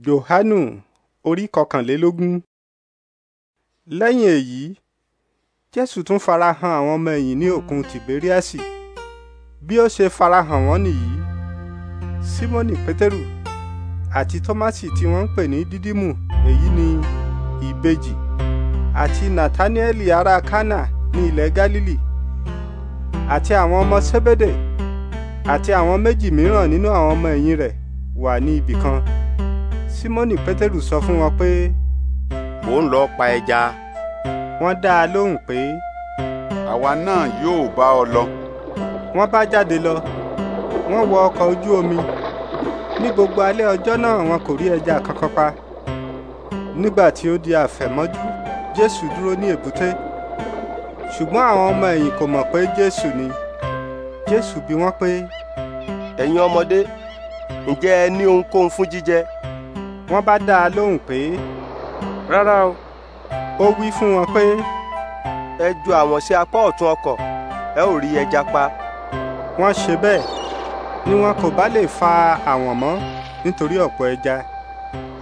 johanu orí kọkànlélógún lẹ́yìn èyí jésù tún farahàn àwọn ọmọ ẹ̀yìn ní òkun tìbéríàsì bí ó ṣe farahàn wọ́n nìyí símónì pétérù àti tọ́másì tí wọ́n ń pè ní dídímù èyí ni ìbejì àti nàtániẹ́lì ará kánà ní ilẹ̀ gálílì àti àwọn ọmọ sébédè àti àwọn méjì mìíràn nínú àwọn ọmọ ẹ̀yìn rẹ̀ wà ní ibì kan símọ́nì pétérù sọ fún wọn pé. mò ń lọ pa ẹja. wọ́n dá a lóhùn pé. àwa náà yóò bá ọ lọ. wọ́n bá jáde lọ wọ́n wọ ọkọ̀ ojú omi ní gbogbo alẹ́ ọjọ́ náà wọn kò rí ẹja kankan pa nígbà tí ó di àfẹ̀mọ́jú jésù dúró ní èbúté ṣùgbọ́n àwọn ọmọ ẹ̀yìn kò mọ̀ pé jésù ni jésù bi wọ́n pé. ẹ̀yin ọmọdé ǹjẹ́ ẹ ní ohunkóhun fún jíjẹ? wọ́n bá dá a lóhùn pé rárá o ó wí fún wọn pé. ẹ ju àwọn sí apá ọ̀tún ọkọ̀ ẹ ò rí ẹja pa. wọ́n ṣe bẹ́ẹ̀ ni wọn kò bá lè fa àwọn mọ́ nítorí ọ̀pọ̀ ẹja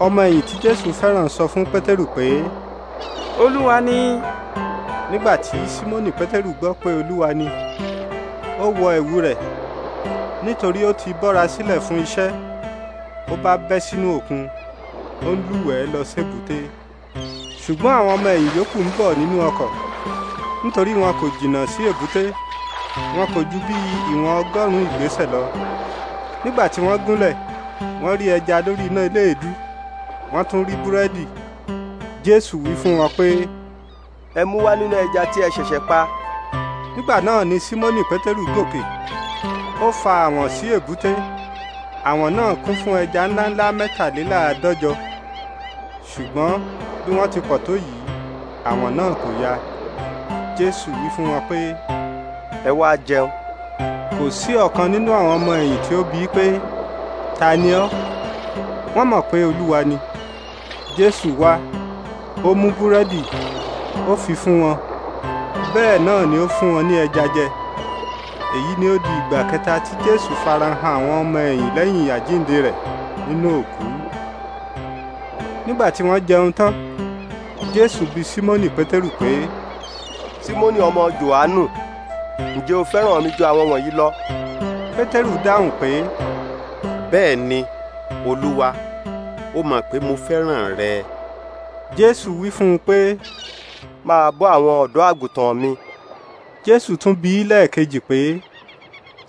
ọmọ ẹ̀yìn tí jésù fẹ́ràn sọ fún pétérù pé. olúwa ni. nígbà tí símónì pétérù gbọ́ pé olúwa ni ó wọ ẹ̀wù rẹ̀ nítorí ó ti bọ́ra sílẹ̀ fún iṣẹ́ ó bá bẹ́ sínú òkun ó ń lúwẹ̀ẹ́ lọ sébùté ṣùgbọ́n àwọn ọmọ ẹ̀yìn yòókù ń bọ̀ nínú ọkọ̀ nítorí wọn kò jìnnà sí èbúté wọn kò ju bí ìwọ̀n ọgọ́rùn-ún ìgbésẹ̀ lọ nígbà tí wọ́n gúnlẹ̀ wọ́n rí ẹja lórí iná iléèdú wọ́n tún rí búrẹ́dì jésù wí fún wọn pé. ẹ mú wá nínú ẹja tí ẹ ṣẹ̀ṣẹ̀ pa. nígbà náà ni símónì pétérù gòkè ó fa àwọ̀n sí èbúté àwọ̀n náà kún fún ẹja ńláńlá mẹ́tàléláàádọ́jọ ṣùgbọ́n bí wọ́n ti pọ̀ tó yìí àwọn náà kò ya jésù wí fún wọn pé ẹ wá jẹun kò sí ọ̀kan nínú àwọn ọmọ ẹ̀yìn tí ó bi í pé ta ni ọ́ wọ́n mọ̀ pé olúwa ni jésù wá ó mú búrẹ́dì ó fi fún wọn bẹ́ẹ̀ náà ni ó fún wọn ní ẹja jẹ èyí ni ó di ìgbà kẹta tí jésù farahàn àwọn ọmọ ẹ̀yìn lẹ́yìn àjíǹde rẹ̀ nínú òkú nígbà tí wọ́n jẹun tán jésù bi símónì pétérù pé. símónì ọmọ jòhánù ǹjẹ́ o fẹ́ràn mi ju àwọn wọ̀nyí lọ. pétérù dáhùn pé. bẹ́ẹ̀ ni olúwa ó mọ̀ pé mo fẹ́ràn rẹ. jésù wí fún un pé. máa bọ́ àwọn ọ̀dọ́ àgùntàn mi. jésù tún bi lẹ́ẹ̀kejì pé.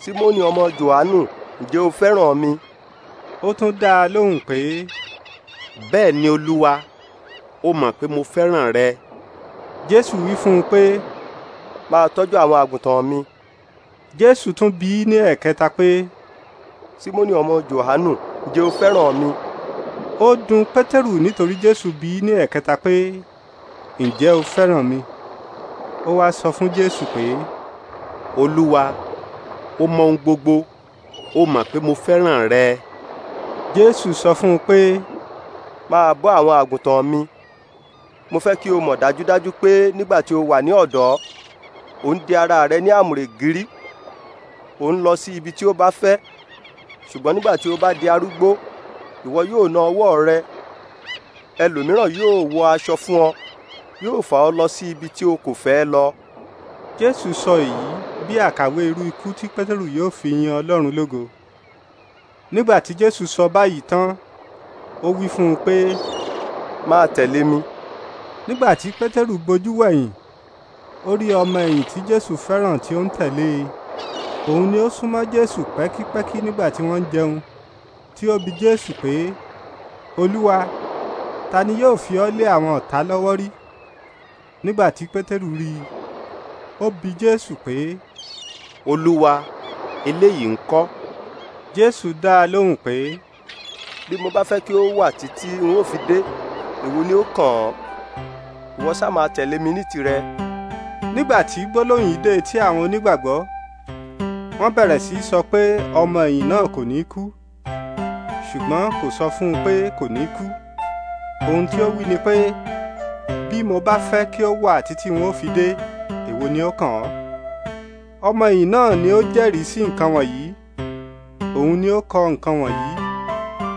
símónì ọmọ jòhánù ǹjẹ́ o fẹ́ràn mi. ó tún dá a lóhùn pé bẹ́ẹ̀ ni olúwa ó mọ̀ pé mo fẹ́ràn rẹ. jésù wí fún un pé máa tọ́jú àwọn àgùntàn mi. jésù tún bi í ní ẹ̀kẹta pé símónì ọmọ jòhánù ǹjẹ́ o fẹ́ràn mi. ó dùn pétérù nítorí jésù bi í ní ẹ̀kẹta pé ǹjẹ́ o fẹ́ràn mi. ó wá sọ fún jésù pé olúwa ó mọ ohun gbogbo ó mọ̀ pé mo fẹ́ràn rẹ. jésù sọ fún un pé máa bọ́ àwọn àgùntàn mi mo fẹ́ kí o mọ̀ dájúdájú pé nígbà tí o wà ní ọ̀dọ́ ò ń di ara rẹ ní àmùrè gírí ò ń lọ sí ibi tí o bá fẹ́ ṣùgbọ́n nígbà tí o bá di arúgbó ìwọ yóò na ọwọ́ rẹ ẹlòmíràn yóò wọ aṣọ fún ọ yóò fà ọ lọ sí ibi tí o kò fẹ́ lọ. jésù sọ èyí bí àkàwé irú ikú tí pétérù yóò fi yin ọlọ́run lógo nígbà tí jésù sọ báyìí tán ó wí fún un pé máa tẹ̀lé mi. nígbà tí pétérù gbojú wẹ̀yìn ó rí ọmọ ẹ̀yìn tí jésù fẹ́ràn tí ó ń tẹ̀lé e òun ni ó súnmọ́ jésù pẹ́kípẹ́kí nígbà tí wọ́n ń jẹun tí ó bi jésù pé olúwa ta ni yóò fi ọ́ lé àwọn ọ̀tá lọ́wọ́ rí nígbà tí pétérù rí i ó bi jésù pé olúwa eléyìí ń kọ́ jésù dá a lóhùn pé bí mo bá fẹ́ kí ó wà títí n ó fi dé èwo ni ó kàn án ìwọ ṣá máa tẹ̀lé mi ní tirẹ̀. nígbà tí gbólóhùn yìí dé etí àwọn onígbàgbọ́ wọ́n bẹ̀rẹ̀ sí í sọ pé ọmọ ẹ̀yìn náà kò ní kú ṣùgbọ́n kò sọ fún un pé kò ní kú ohun tí ó wí ni pé bí mo bá fẹ́ kí ó wà títí n ó fi dé èwo ni ó kàn án ọmọ ẹ̀yìn náà ni ó jẹ́rìí sí nǹkan wọ̀nyí òun ni ó kọ nǹkan wọ̀nyí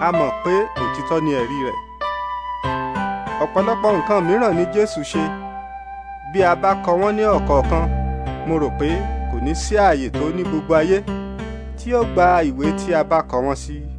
a mọ̀ pé òtítọ́ ni ẹ̀rí rẹ̀ ọ̀pọ̀lọpọ̀ nǹkan mìíràn ni Jésù ṣe bí a bá kọ wọ́n ní ọ̀kọ̀ọ̀kan mo rò pé kò ní sí ààyè tó ní gbogbo ayé tí ó gba ìwé tí a bá kọ wọ́n sí. Si.